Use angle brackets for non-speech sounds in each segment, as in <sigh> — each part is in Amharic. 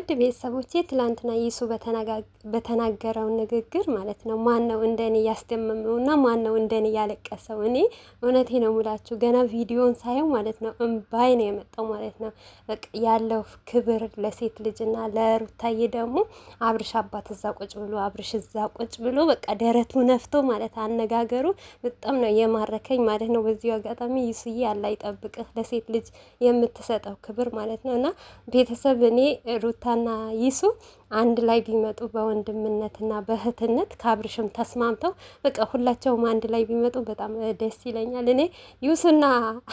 ውድ ቤተሰቦቼ ትላንትና ይሱ በተናገረው ንግግር ማለት ነው ማን ነው እንደኔ ያስደመመው እና ማን ነው እንደኔ ያለቀሰው? እኔ እውነቴ ነው ሙላችሁ ገና ቪዲዮን ሳየው ማለት ነው እምባይ ነው የመጣው ማለት ነው። ያለው ክብር ለሴት ልጅና ለሩታዬ ደግሞ አብርሽ አባት እዛ ቁጭ ብሎ አብርሽ እዛ ቁጭ ብሎ በቃ ደረቱ ነፍቶ ማለት አነጋገሩ በጣም ነው የማረከኝ ማለት ነው። በዚሁ አጋጣሚ ይሱዬ ያላ ይጠብቅህ ለሴት ልጅ የምትሰጠው ክብር ማለት ነው እና ቤተሰብ እኔ ሩታ ሩታና ይሱ አንድ ላይ ቢመጡ በወንድምነትና በእህትነት ከአብርሽም ተስማምተው በቃ ሁላቸውም አንድ ላይ ቢመጡ በጣም ደስ ይለኛል። እኔ ዩሱና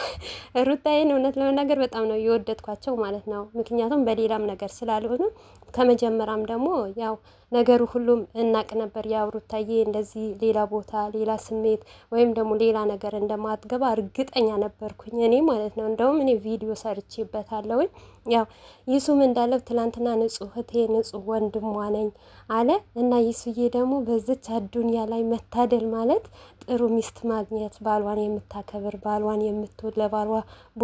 <laughs> ሩታዬን እውነት ለመናገር በጣም ነው የወደድኳቸው ማለት ነው። ምክንያቱም በሌላም ነገር ስላልሆነ ከመጀመሪያም ደግሞ ያው ነገሩ ሁሉም እናቅ ነበር። ያው ሩታዬ እንደዚህ ሌላ ቦታ ሌላ ስሜት ወይም ደግሞ ሌላ ነገር እንደማትገባ እርግጠኛ ነበርኩኝ እኔ ማለት ነው። እንደውም እኔ ቪዲዮ ሰርቼበታለሁኝ። ያው ይሱም እንዳለው ትላንትና ንጹህ እህቴ ንጹህ ወንድሟ ነኝ አለ እና ይሱዬ ደግሞ በዚች አዱንያ ላይ መታደል ማለት ጥሩ ሚስት ማግኘት ባሏን የምታከብር ባሏን የምትወድ ለባሏ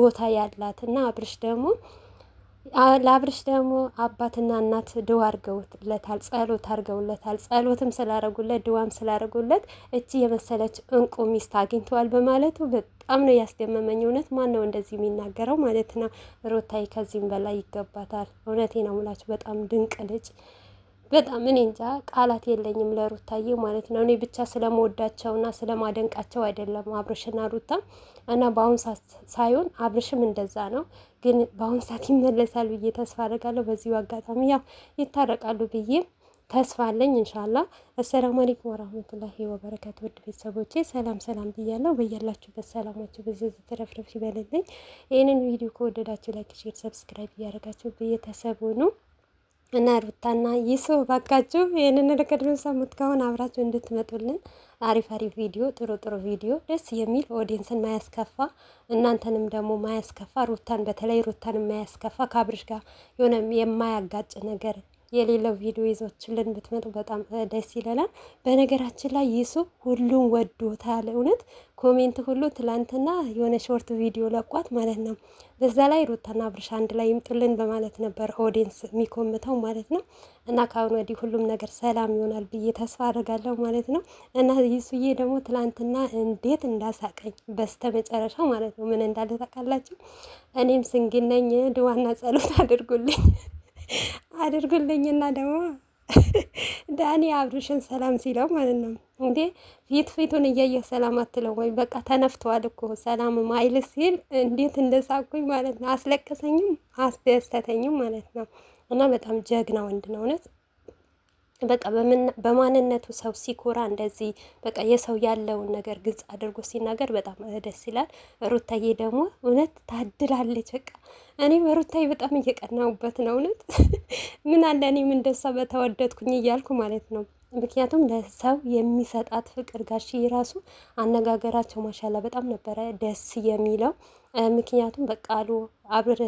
ቦታ ያላት እና አብርሽ ደግሞ ለአብርሽ ደግሞ አባትና እናት ድዋ አድርገውለታል፣ ጸሎት አድርገውለታል። ጸሎትም ስላረጉለት ድዋም ስላረጉለት እቺ የመሰለች እንቁ ሚስት አግኝተዋል በማለቱ በጣም ነው ያስደመመኝ። እውነት ማን ነው እንደዚህ የሚናገረው ማለት ነው? ሩታዬ ከዚህም በላይ ይገባታል። እውነቴ ነው ሙላችሁ። በጣም ድንቅ ልጅ በጣም እኔ እንጃ ቃላት የለኝም ለሩታዬ ማለት ነው። እኔ ብቻ ስለመወዳቸውና ስለማደንቃቸው አይደለም አብርሽና ሩታ እና በአሁን ሳይሆን አብርሽም እንደዛ ነው ግን በአሁን ሰዓት ይመለሳሉ ብዬ ተስፋ አደርጋለሁ። በዚሁ አጋጣሚ ያው ይታረቃሉ ብዬ ተስፋ አለኝ እንሻላ። አሰላሙ አለይኩም ወራህመቱላሂ ወበረካቱ። ውድ ቤተሰቦቼ ሰላም ሰላም ብያለሁ። በያላችሁበት ሰላማችሁ ብዙ ትረፍረፍ ይበልልኝ። ይህንን ቪዲዮ ከወደዳችሁ ላይክ፣ ሼር፣ ሰብስክራይብ እያደረጋችሁ ቤተሰቡ ነው እና ሩታና ይስው ባካችሁ ይህንን ነገር ሰሙት ከሆነ አብራችሁ እንድትመጡልን አሪፍ አሪፍ ቪዲዮ፣ ጥሩ ጥሩ ቪዲዮ፣ ደስ የሚል ኦዲየንስን ማያስከፋ እናንተንም ደግሞ ማያስከፋ ሩታን በተለይ ሩታን ማያስከፋ ከአብርሽ ጋር የሆነ የማያጋጭ ነገር የሌለው ቪዲዮ ይዞችልን ብትመጡ በጣም ደስ ይለናል። በነገራችን ላይ ይሱ ሁሉም ወዶታል። እውነት ኮሜንት ሁሉ ትላንትና የሆነ ሾርት ቪዲዮ ለቋት ማለት ነው። በዛ ላይ ሩታና ብርሻ አንድ ላይ ይምጡልን በማለት ነበር ኦዲንስ የሚኮምተው ማለት ነው። እና ከአሁን ወዲህ ሁሉም ነገር ሰላም ይሆናል ብዬ ተስፋ አድርጋለሁ ማለት ነው። እና ይሱዬ ደግሞ ትላንትና እንዴት እንዳሳቀኝ በስተ መጨረሻ ማለት ነው ምን እንዳለ ታውቃላችሁ? እኔም ስንግነኝ ድዋና ጸሎት አድርጉልኝ አድርጉልኝና ደግሞ ዳኒ አብርሽን ሰላም ሲለው ማለት ነው እንዴ ፊት ፊቱን እያየ ሰላም አትለው ወይ? በቃ ተነፍተዋል እኮ ሰላም ማይል ሲል እንዴት እንደሳኩኝ ማለት ነው። አስለቀሰኝም አስደሰተኝም ማለት ነው። እና በጣም ጀግና ወንድ ነው እውነት። በቃ በማንነቱ ሰው ሲኮራ እንደዚህ በቃ የሰው ያለውን ነገር ግልጽ አድርጎ ሲናገር በጣም ደስ ይላል። ሩታዬ ደግሞ እውነት ታድላለች። በቃ እኔ በሩታዬ በጣም እየቀናውበት ነው። እውነት <laughs> ምን አለ እኔም እንደሷ በተወደድኩኝ እያልኩ ማለት ነው። ምክንያቱም ለሰው የሚሰጣት ፍቅር ጋሽ ራሱ አነጋገራቸው ማሻላ በጣም ነበረ ደስ የሚለው ምክንያቱም በቃሉ አብር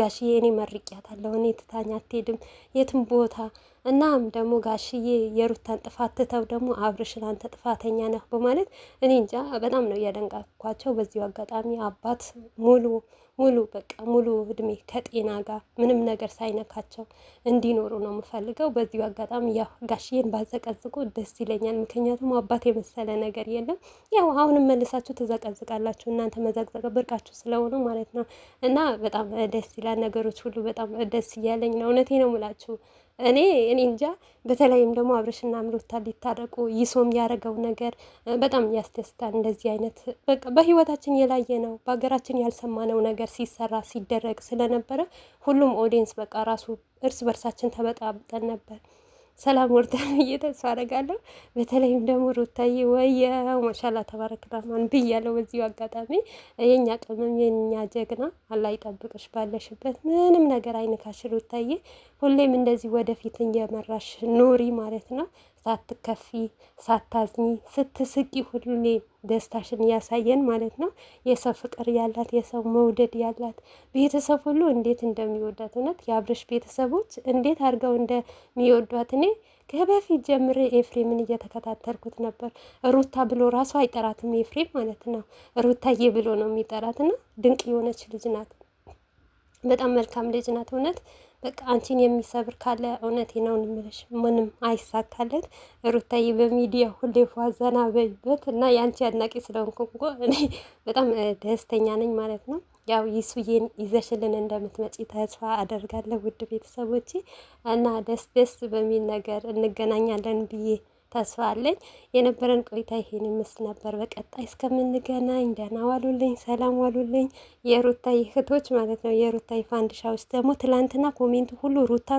ጋሽዬ እኔ መርቂያታለሁ፣ እኔ ትታኝ አትሄድም የትም ቦታ። እናም ደግሞ ጋሽዬ የሩታን ጥፋት ትተው ደግሞ አብርሽን አንተ ጥፋተኛ ነህ በማለት እኔ እንጃ በጣም ነው እያደንቃኳቸው። በዚሁ አጋጣሚ አባት ሙሉ ሙሉ በቃ ሙሉ እድሜ ከጤና ጋር ምንም ነገር ሳይነካቸው እንዲኖሩ ነው የምፈልገው። በዚሁ አጋጣሚ ያው ጋሽዬን ባዘቀዝቁ ደስ ይለኛል። ምክንያቱም አባት የመሰለ ነገር የለም። ያው አሁንም መልሳችሁ ትዘቀዝቃላችሁ እናንተ መዘቅዘቅ ብርቃችሁ ስለሆነ ማለት ነው እና በጣም ደስ ይላል። ነገሮች ሁሉ በጣም ደስ እያለኝ ነው። እውነቴ ነው ምላችሁ እኔ እኔ እንጃ። በተለይም ደግሞ አብረሽና ምሎታ ሊታረቁ ይሶም ያደረገው ነገር በጣም ያስደስታል። እንደዚህ አይነት በቃ በህይወታችን የላየ ነው በሀገራችን ያልሰማነው ነገር ሲሰራ ሲደረግ ስለነበረ ሁሉም ኦዲየንስ በቃ ራሱ እርስ በርሳችን ተበጣብጠን ነበር። ሰላም ወርዳን ብዬ ተስፋ አደርጋለሁ። በተለይም ደግሞ ሩታዬ ወየ ማሻላ ተባረክ ራህማን ብያለሁ። በዚሁ አጋጣሚ የኛ ቅመም የኛ ጀግና አላህ ይጠብቅሽ፣ ባለሽበት ምንም ነገር አይንካሽ ሩታዬ። ሁሌም እንደዚህ ወደፊት እየመራሽ ኑሪ ማለት ነው። ሳትከፊ ሳታዝኝ ስትስቂ ሁሌ ደስታሽን እያሳየን ማለት ነው። የሰው ፍቅር ያላት የሰው መውደድ ያላት ቤተሰብ ሁሉ እንዴት እንደሚወዳት እውነት የአብረሽ ቤተሰቦች እንዴት አድርገው እንደሚወዷት እኔ ከበፊት ጀምሬ ኤፍሬምን እየተከታተልኩት ነበር። ሩታ ብሎ ራሱ አይጠራትም ኤፍሬም ማለት ነው። ሩታዬ ብሎ ነው የሚጠራትና ድንቅ የሆነች ልጅ ናት። በጣም መልካም ልጅ ናት እውነት በቃ አንቺን የሚሰብር ካለ እውነቴ ነው እንምለሽ ምንም አይሳካለት። ሩታዬ በሚዲያ ሁሌ ፏዘና በይበት እና የአንቺ አድናቂ ስለሆንኩ እኔ በጣም ደስተኛ ነኝ ማለት ነው። ያው ይሱዬን ይዘሽልን እንደምትመጪ ተስፋ አደርጋለሁ ውድ ቤተሰቦቼ እና ደስ ደስ በሚል ነገር እንገናኛለን ብዬ ተስፋ አለኝ። የነበረን ቆይታ ይሄን ይመስል ነበር። በቀጣይ እስከምንገናኝ ደህና ዋሉልኝ፣ ሰላም ዋሉልኝ። የሩታ እህቶች ማለት ነው። የሩታ ፋንድሻ ውስጥ ደግሞ ትላንትና ኮሜንቱ ሁሉ ሩታ